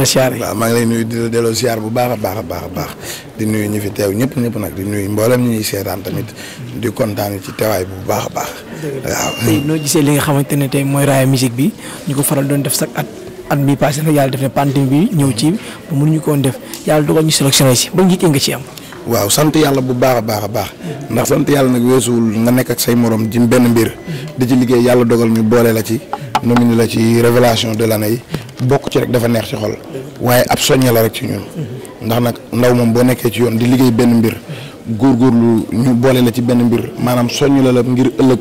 la siyaar waaw maa ngi lay nuyu di la delloo siyaar bu baax a baax a baax a baax di nuyu ñi fi teew ñëpp ñëpp nag di nuyu mboolem ñi ñuy seetaan tamit di kontaan ci teewaay bu baax a baax. waaw noo gisee li nga xamante ne tey mooy raaya musique bi ñu ko faral doon def sax at at bi passé nag yàlla def ne pandémie bi ñëw ci ba mënuñu ko woon def yàlla dogal ñu sélectionné si ba njiit nga ci am. waaw sant yàlla bu baax a baax a baax ndax sant yàlla nag weesuwul nga nekk ak say morom ci benn mbir di ci liggéey yàlla dogal ñu boole la ci nominé bokk ci rek dafa neex ci xol waaye ab soññe la rek ci ñun ndax nag ndaw moom boo nekkee ci yoon di liggéey benn mbir lu ñu boole la ci benn mbir maanaam soññ la la ngir ëllëg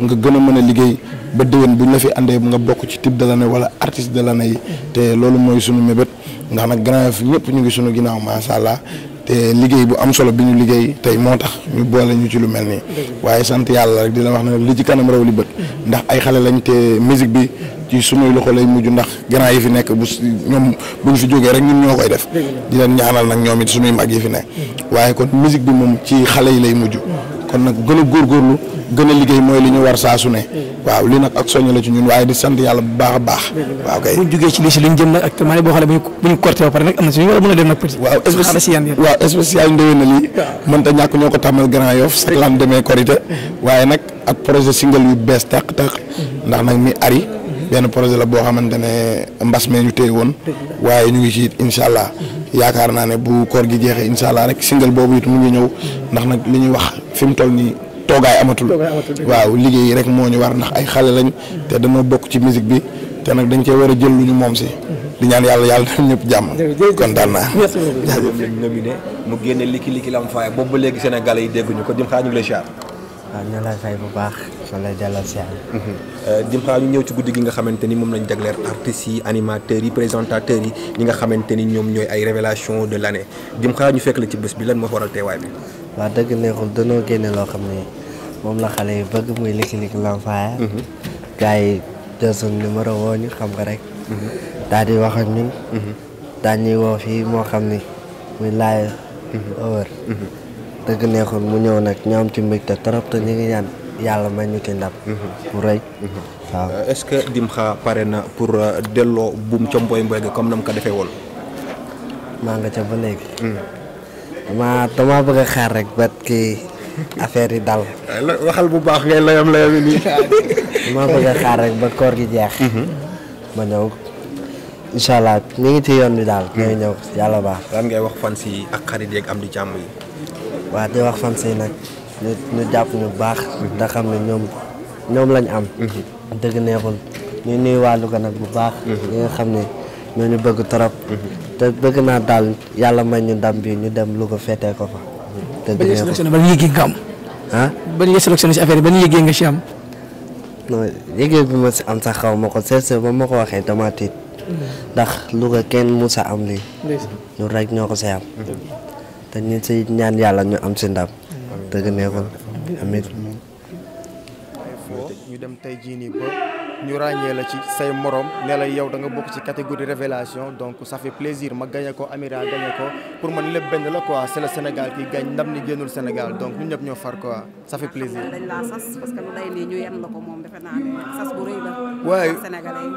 nga gën a mën a liggéey ba déwén bu ñu la fi àndee nga bokk ci type de l'année wala artiste de l'année yi te loolu mooy sunu mébét ndax nag Grand Yoff ñëpp ñu ngi sunu ginnaaw macha allah te liggéey bu am solo bi ñu liggéey tey moo tax ñu boole ñu ci lu mel nii waaye sant yàlla rek di la wax ne li ci kanam raw li bët ndax ay bi ci sunuy loxo lay mujj ndax grand yi fi nekk bu ñoom bu ñu fi jógee rek ñun ñoo koy def. di leen ñaanal nag ñoom it sunuy mag yi fi nekk. Mm-hmm. waaye kon musique bi moom ci xale yi lay mujj. Mm-hmm. kon nag gën a góorgóorlu. gën a liggéey mooy li ñu war saa su ne. Mm-hmm. waaw li nag ak soññ la ci ñun waaye di sant yàlla bu a baax. waaw kay bu ñu jógee ci lii si liñ jëm nag ak maanaam boo xam ne bu ñu bu ñu ba pare nag am na a a mënta ñàkk ñoo ko tàmmal Grand Yoff sax lam demee korité waaye nag ak projet single yu bees tàq-tàq. ndax nag mi ari. benn projet la boo xamante ne mbas mee ñu téye woon. waaye ñu ngi ci it incha allah. yaakaar naa ne bu koor gi jeexee incha allah rek single boobu it mu ngi ñëw ndax nag li ñuy wax fi mu toll nii toogaay amatul. waaw liggéey rek moo ñu war ndax ay xale lañ. te dama bokk ci musique bi te nag dañ cee war a jël lu ñu moom si. di ñaan yàlla yàlla def ñëpp jàmm. kontaan naa. mu génne liki liki lam faay boobu léegi Sénégalais yi dégguñu ko dim xaar ñu ngi lay waaw ñoo lay fay bu baax ñoo lay delloo si mhm. euh, Dimxa ñu ñëw ci guddi gi nga xamante ni moom lañ jagleel artistes yi yi présentateurs yi ñi nga xamante ni ñoom ñooy ay révélation de l'année Dimxa ñu fekk la ci bés bi lan moo waral teewaay bi. waaw dëgg neexul danoo génne loo xam ne moom la xale yi bëgg muy Liki Liki Lamfaaya. Mhm. gars yi jël suñu numéro woo ñu xam nga rek. Mhm. daal di wax ak ñun. daañuy woo fii moo xam ni muy laay. wër. dëgg neexul mu ñëw nag ñu am ci mbégte trop te ñu ngi ñaan yàlla may ñu ci ndam. Mhm. Mhm. Euh, ce que Dimkha pare na pour euh, delloo buum ca mboy mboy comme na mu ko defee woon. maa nga ca ba léegi. dama mhm. dama bëgg rek ba kii affaire yi dal. Euh, waxal bu baax ngay layam layam ba koor gi jeex. ma ñëw. incha allah ngi ci yoon bi daal. ñooy ñëw yàlla baax. lan ngay wax fan si ak xarit yeeg am di jàmm yi. waaw di wax fan si nag ñu jàpp ñu baax. te xam ne ñoom ñoom lañ am. dëgg neexul ñu nuy waa Louga nag bu baax. ñi nga xam ne ñoo ñu bëgg trop. te bëgg naa daal yàlla may ñu ndam bi ñu dem Louga féetee ko fa. dëgg neexul ba ñu yëgee nga am. ah ba ñu si ba ñu yëgee nga si am. non yëgee bi ma si am sax xaw ma ko seet ba ma ko waxee dama tiit. Mm. ndax Louga kenn musa am lii. ñu rek ñoo ko si am. te ñu si ñaan yàlla ñu am si ndam. dëgg neexul amit ñu dem tey jii nii ñu ràññee la ci say morom ne la yow da nga bokk ci catégorie révélation donc ça fait plaisir ma gagné ko Amira gagné ko pour man lépp benn la quoi c'est le Sénégal qui gañ ndam ni génnul Sénégal donc ñun ñëpp ñoo far quoi ça fait plaisir. dañ la ko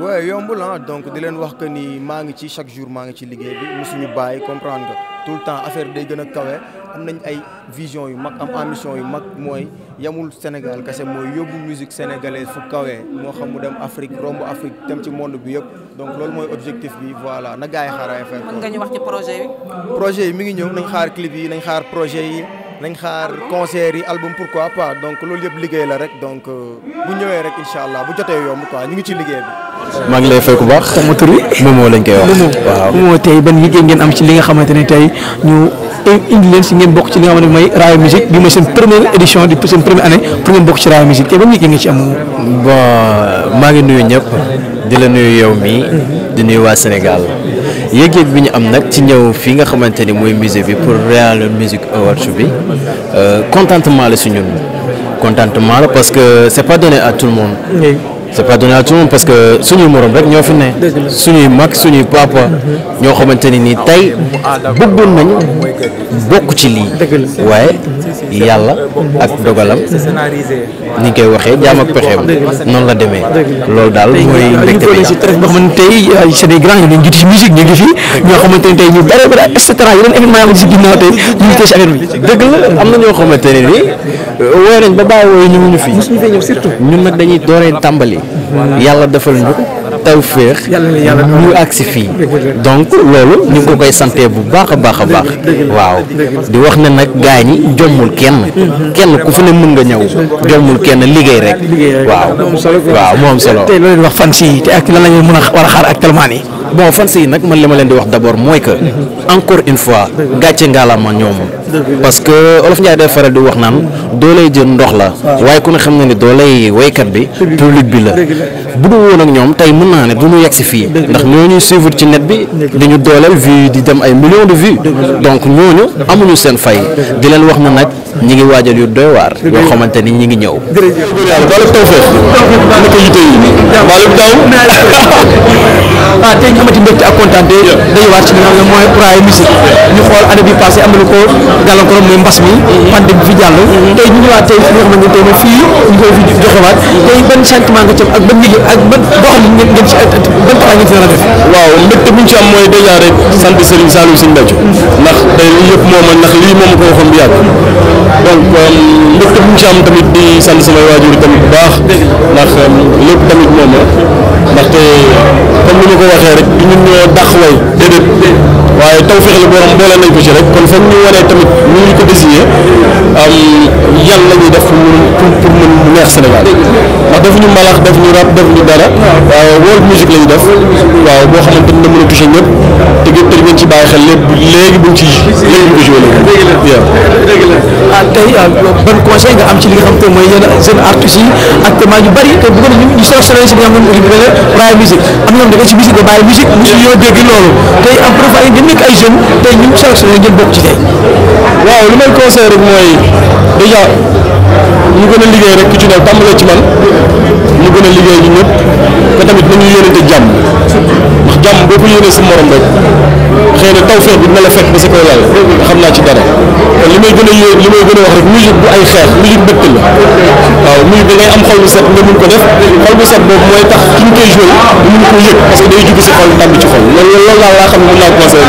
waaye yombul ah donc di leen wax que ni maa ngi ci chaque jour maa ngi ci liggéey bi mu suñu bàyyi comprendre nga. tout le temps affaire day gën a kawe am nañ ay vision yu mag am ambition yu mag mooy yamul Sénégal kese mooy yóbbu musique sénégalaise fu kawe moo xam mu dem Afrique romb Afrique dem ci monde bi yëpp donc loolu mooy objectif bi voilà na gars yi xaar affaire. mën nga ñu wax ci projet yi. projet mi ngi ñëw nañ xaar clip yi nañ xaar projet yi. nañ xaar concert yi album pourquoi pas donc loolu yëpp liggéey la rek donc euh, bu ñëwee rek incha allah bu jotee yomb quoi ñu ngi ci liggéey bi. maa ngi lay fay ku baax. sama tur bi Momo tey ban liggéey ngeen am ci li nga xamante ne tey ñu indi leen si ngeen bokk ci li nga xam ne mooy Raaya Musique bi mooy seen première édition di seen première année pour ngeen bokk ci Raaya Musique tey ban liggéey nga ci am. bon maa ngi nuyu ñëpp. di la nuyu yow mii. Mm-hmm. di nuyu waa yéeg yëg bi ñu am nag ci ñëw fii nga xamante ni mooy musée bi pour Real Music Awards bi euh, contentement la si ñun contentement la parce que c'est pas donné à tout le monde. c'est pas donné à tout le monde parce que suñuy morom rek ñoo fa ne. suñuy mag suñuy papa. Mhm. ñoo xamante ne ni tey bëggoon nañu bokk ci lii. waaye mhm. yàlla ak dogalam. ni ñu koy waxee jaam ak pexeem noonu la demee loolu daal mooy mbégte bi si tey boo xamante tey seen grand yi dañu jiitu musique ñu ngi fi ñoo xamante ne tey ñu bare bare et cetera yeneen événement yoo tey ñu ngi tey si affaire dëgg la am na ñoo xamante ne ni euh, wooy nañ ba bàyyi wooyu ñëwuñu fi ñëw surtout ñun nag dañuy dooree tàmbali yàlla defal ñu tawféex ñu agsi fii donc loolu ñu ngi ko koy sante bu baax a baax a baax waaw di wax ne nag gaa ñi jommul kenn mm-hmm. kenn ku fi ne mën nga ñëw jommul kenn liggéey rek waaw waaw moom solo tey loolu fan si te ak lan la ñu mën a war a xaar ak telmaan yi bon fan si nag man li ma leen di wax d'abord mooy que mm-hmm. encore une fois gàcce ngaalama ñoom parce que olof Ndiaye day faral di wax naan dooley jën ndox la waaye ku ne xam na ni dooley waykat bi public bi la bu du woon ak ñoom tey mën naa ne du mu yegg si fii ndax ñooñuy suivre ci net bi dañu dooleel vue di dem ay millions de vues donc ñooñu amuñu seen fay di leen wax na nag ñu ngi waajal yu doy yoo xamante ni ñu ngi ñëw. jërëjëf wàllum taw feex. ni ko yi. wàllum taw. ah tey ak kontaan de day waat ci li nga ñu xool année bi passée am na lu ko gàllankoor mbas mm-hmm. bi fi jàll. Mm-hmm. tey ñu ñëwaat tey fi nga xam ne tey moom fii ñu ak ban liggéey ak ban doxalin ci a mooy déjà rek sant Serigne Saliou Serigne Béthio mm-hmm. ndax tey lii yëpp moom a ndax moom ko waxoon bu yàgg donc mbégte bu mu ci am tamit di sant samay waajur tamit bu baax ndax euh, lépp tamit moom la ndaxte comme ni ko waxee rek du ñun ñoo dàq way déedéet waaye taw nañ ko ci rek kon foog ñu wanee tamit ñu ngi ko désigné am yan la ñuy def pour pour mën mu neex senegal ndax daf ñu mbalax def ñu rap daf ñu dara waaw world music la def waaw boo xamante ni da mën a touché ñëpp ci bàyyi xel lépp léegi buñ ci léegi buñ ko joué léegi. Ah, tey ah, ban conseil nga am ci li nga xam te mooy yéen seen artistes yi actuellement ñu bari te bu ñu ñu sélectionné si li nga xam ne moom raay si musique ba bàyyi musique mosu ñoo dégg loolu tey am profil yi dañ nekk ay jeunes tey ñu sélectionné ngeen bokk ci tey. waaw lu may conseil rek mooy déjà ñu gën a liggéey rek ku ci ne tàmbalee ci man ñu gën a liggéey ñu ñëpp te tamit nañu yéenante jàmm. jàmm boo ko yéenee sa morom rek xëy na tawfeex bi dina ba sa koy lal xam naa ci dara kon li may gën a yéen li may gën a wax rek musique bu ay xeex musique bëtt la waaw musique da ngay am xol bu set nga ko def xol bu set boobu mooy tax que day jugg si xol tàbbi ci xol loolu loolu laa laa xam ne mën naa ko conseillé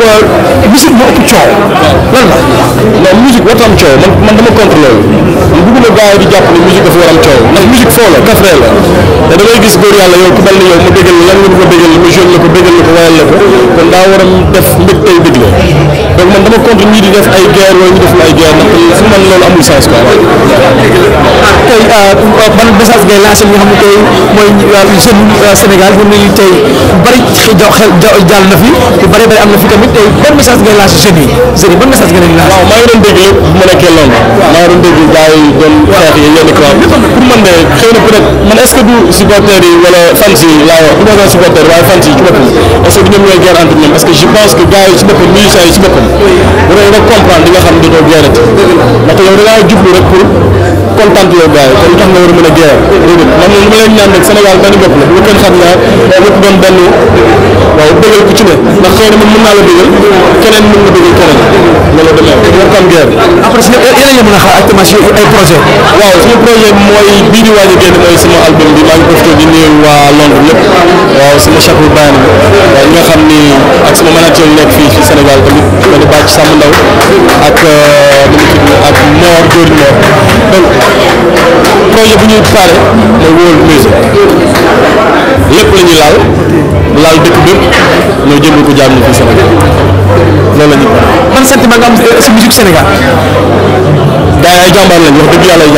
waaw musique moo coow la non man dama contre loolu man bëgg na di jàpp ne musique dafa war am coow ndax musique foo la la te da gis góor yàlla yow ku mel ni yow mu bégal la lan nga ko bégal mu jeune la ko bégal la ko wayal la ko kon daa war a def mbégtey bégle donc man dama contre ñi di def ay guerre wala ñu def ay guerre ndax fu man loolu amul sens quoi. tey euh, euh, ban message ngay lancé bi nga xam ne tey mooy euh, jeune Sénégal ñun ñu tey bari xel jàll na fi lu bari bari am na fi tamit tey ban message ngay lancé jeunes yi jeunes yi ban message nga leen lancé. waaw maa ngi doon dégg lépp bu ma nekkee lool. waaw maa ngi doon dégg gars yi doon xeex yi yenn quoi pour man de xëy na peut-être man est-ce que du supporter yi wala fans yi laa wax du ma doon supporter waaye fans yi ci boppam est-ce que ñoom ñooy guerre entre ñoom parce que je pense que gars yi ci boppam ñuy saa yi ci boppam bu doon rek comprendre li nga xam ne doo gérer ndaxte yow da ngaa jublu rek pour kontaan yow gars yi kon tax nga war a mën a gérer dégg nga man li ma la lu kenn xam naa lépp doon benn keneen mën na bëggal a a ay projet waaw suñu projet mooy bii di waaj a génn mooy sama album bi maa ngi profité di waa Londres lépp waaw sama chef bu baax la nga xam ni ak sama manager yu fii ci Sénégal tamit ma di bàcc sàmm ndaw ak euh, ak Mor Dóor ñuy mooy World laal laal dëkk bépp ñoo jëmee ko jaam ñu fii Sénégal loolu la man sant am si musique Sénégal. gaa ay jàmbaar lañ wax dëgg yàlla ay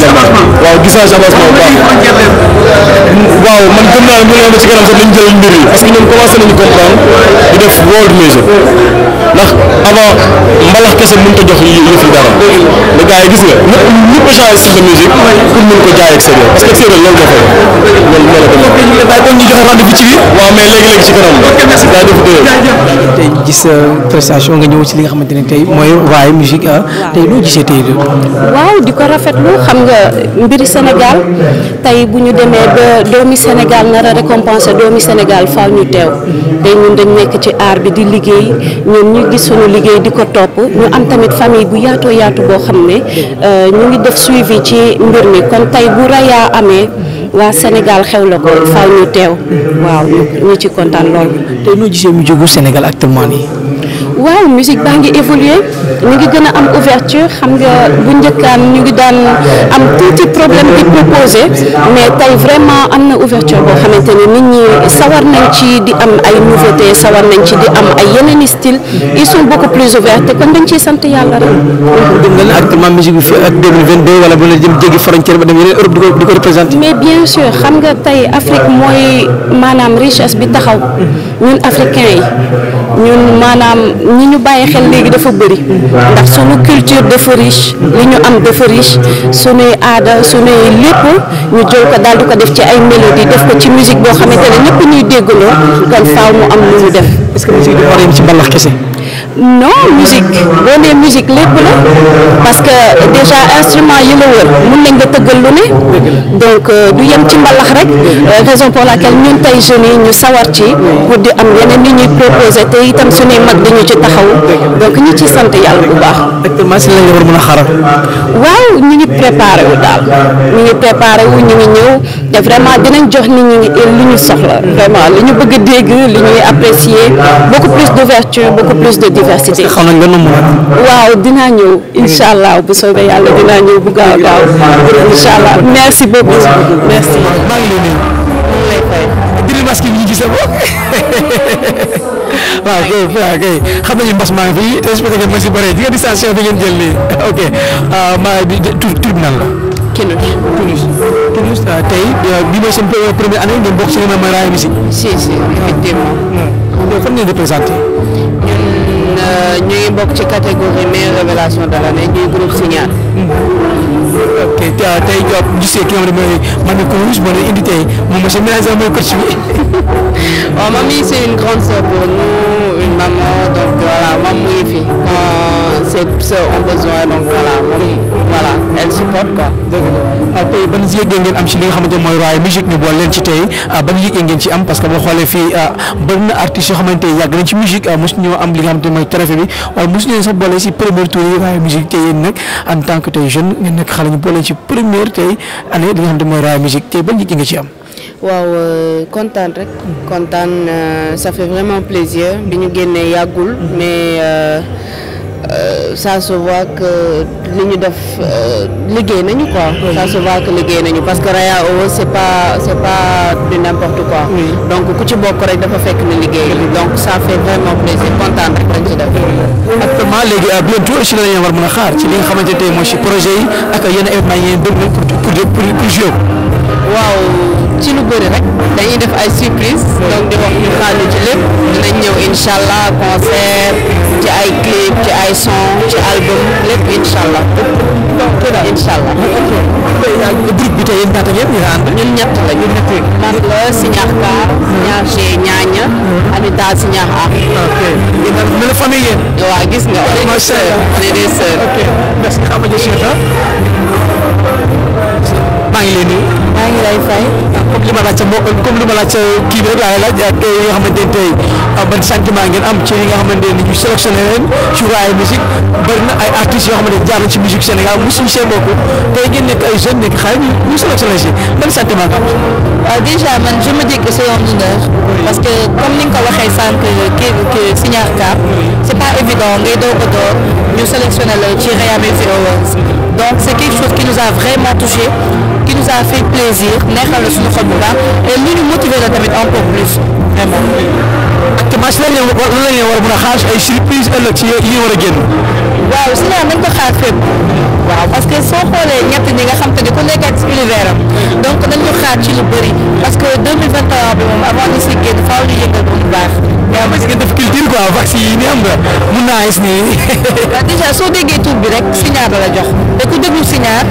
jàmbaar waaw gis naa avancement bu waaw man gëm naa ne bu ñu ba mbir yi parce que ñoom commencé nañu comprendre di def world music ndax avant mbalax kese mënut jox yëf yi dara mais gars yi gis ko jaay extérieur parce que extérieur loolu dafay loolu ci euh, nga ñëw ci li nga xamante ne tey mooy waaye musique ah tey gisee tey waaw di ko rafetlu xam nga mbiri Sénégal tey bu ñu demee ba doomi Sénégal nar a récompenser doomi Sénégal faaw ñu teew te ñun dañ nekk ci aar bi di liggéey ñun ñu gis suñu liggéey di ko topp ñu am tamit famille bu yaatoo yaatu boo xam ne euh, ñu ngi def suivi ci mbir mi kon tey bu rayaa amee waa Sénégal xew la ko faaw ñu teew waaw ñu ci kontaan lool. tey noo gisee mu jógu Sénégal actuellement nii. waaw musique baa ngi évoluer ñu ngi gën a am ouverture xam nga bu njëkkaan ñu ngi daan am tuuti problème di proposer mais tey na ouverture boo xamante ne nit ñi sawar nañ ci di am ay nouveauté sawar nañ ci di am ay yeneen i style ils sont beaucoup plus ouverts kon dañ ciy sant yàlla rek. dem nga ne actuellement musique bi fii ak 2022 wala bu la jëm jéggi frontière ba dem yeneen Europe di ko di ko représenté. mais bien sûr xam nga tey Afrique mooy maanaam richesse bi taxaw ñun africains yi ñun maanaam ñi ñu bàyyi xel léegi dafa bëri ndax suñu culture dafa riche li ñu am dafa riche suñuy aada suñuy lépp ñu jël ko daal di ko mélodie def ko ci musique boo xamante ne ñëpp ñuy déggandoo kon faaw mu am lu mu def. est-ce que musique a yem ci mbalax kese. non musique boo nee musique parce que déjà instrument yi la wër mun nañ la tëggal lu ne donc euh, du yem ci mbalax rek euh, raison pour laquelle ñun tey jeunes yi ñu sawar ci pour di am yeneen li ñuy proposé te itam suñuy mag dañu ci taxaw donc ñu ci sant yàlla bu baax. actuellement si la nga war mën a xaaral. waaw ñu ngi préparé wu daal ñu ngi préparé wu ñu ngi ñëw. te vraiment dinañ jox nit ñu soxla vraiment li ñu bëgg a dégg li ñuy apprécier beaucoup plus d'ouverture beaucoup plus de diversité. que waaw dinaa ñëw incha allah bu soobee yàlla dinaa ñëw bu gaaw a gaaw allah merci beaucoup merci. maa ngi lay ñu gisee ko waaw kay waaw kay xam nañu mbas maa ngi fi te nii ah, maa di tur Kenobi. Toulouse Toulouse ah, tey ah, bii mooy seen première année ngeen bokk si li nga xam raaya musique. si si effectivement. donc hmm. fan ngeen représenté. ñun euh, ñu ngi bokk ci catégorie meilleure révélation de l'année ñuy groupe Signal. Hmm. ok ah, tey jii bu gisee ki nga xam ne mooy man ko Rouge moo leen indi tey moom monsieur Mélenchon mooy coach bi. waaw oh, mamie c'est une grande sœur pour nous une maman donc voilà moom mu ngi fi. c'est on besoin donc voilà moom. voilà elle supporte quoi. dëgg la euh, am ci li nga xamante ne mooy waaye musique ñu boole leen ci tey euh, ban yëg ngeen ci am parce que boo xoolee fii euh, bëri na artistes yoo xamante ne yàgg nañ ci musique mos ñoo am li nga xamante ne mooy trophée bi tey yéen nag en nga ci am. waaw kontaan rek kontaan ça fait vraiment plaisir bi ñu génnee yàggul mm-hmm. mais. Euh, ça se voit que li ñu def euh, liggéey nañu quoi. ça se voit que liggéey nañu parce que Raya Awa c'est pas c'est pas du n'importe quoi. Oui. donc ku ci bokk rek dafa fekk ni liggéey donc ça fait vraiment plaisir kontaan rek lañ ci def. actuellement léegi bientôt si la ñu war mën a xaar ci li nga xamante ne mooy si projet yi ak yenn événements yi pour pour pour pour waaw ci lu bëri rek. dañuy def ay surprise donc di wax ñu xaar ci lépp dinañ ñëw incha allah concert ci ay clip ci ay son ci album lépp incha allah. incha allah. groupe bi tey yéen ñaata ngeen ñu ànd. ñun ñett la ñun ñett yi. man la Siñaax Kaar. Siñaax G ñaaña. Amita Siñaax A. ok yéen a famille yéen. waaw gis nga. macha allah on est des sœurs. ok merci. maa ngi lay nuyu. maa ngi lay fay. comme li ma laaj sa mbokk comme li ma laaj sa kii bi rek laa laaj ak yi nga xamante ne tey ah, ban sentiment ngeen am ci li nga xamante ne ñu sélectionné leen ci Royal Music bëri na ay artistes yoo xamante ne jaar na ci musique Sénégal mu suñu seen mbokk tey ngeen nekk ay jeunes nekk xale ñu ñu sélectionné si ban sentiment nga am. waaw déjà man je me dis que c'est un honneur parce que comme ni nga ko waxee sànq kii kii Signar Cap c'est pas évident ngay doog a door ñu sélectionné la ci Royal Music Awards donc c'est quelque chose qui nous a vraiment touché qui nous a fait plaisir neexal na suñu xol et li ñu motivé la tamit plus vraiment. ak match lan lañ war lan lañ war a mën a xaar ay surprise ëllëg ci yi war a génn. waaw si naan nañ ko xaar que soo xoolee ñett ñi nga xam te ne ku nekk ak univers am donc nañ ko xaar ci lu bëri parce que 2021 bi moom avant ñu si génn mu baax. waaw parce que def culture quoi vaccin yi nii am nga mun naa gis te ku déglu Signar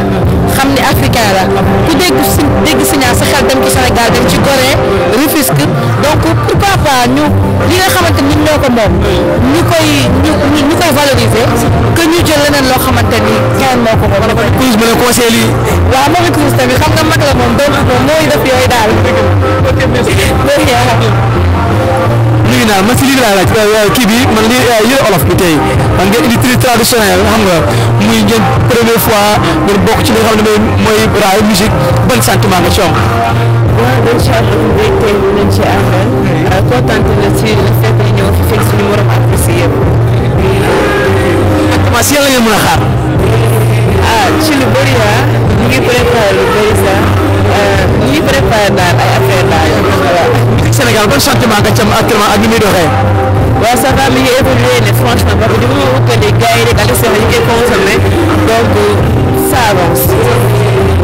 xam ni africain la ku dégg si dégg Signar sa xel dem ci Sénégal dem ci Gorée Rufisque donc pourquoi pas ñu. li nga xamante ni ñoo ko moom ñu koy ñu ñu koy valoriser que ñu jël leneen loo xamante ni kenn moo ko moom. wala man couche bi la conseil lii. waaw moom it couche tamit xam nga mag la moom donc moom mooy def yooyu daal. lii daal man si lii daal laaj kii bi man lii yëre olof bi tey man ngeen indi tri traditionnel xam nga muy ngeen première fois ngeen bokk ci li nga xam ne mooy raay musique ban sentiment nga ci am. waaw incha allah bu wéy tey dinañ ci àndal euh, kontaan na si le fait que ñëw fi fekk suñu morom apprécié yëpp. ak comment si yàlla ngeen mën a xaar. ah ci lu bëri ah ñu ngi préparé lu bëri sax. Euh, ban sentiment nga ci am actuellement ak ni muy doxee. waaw ça va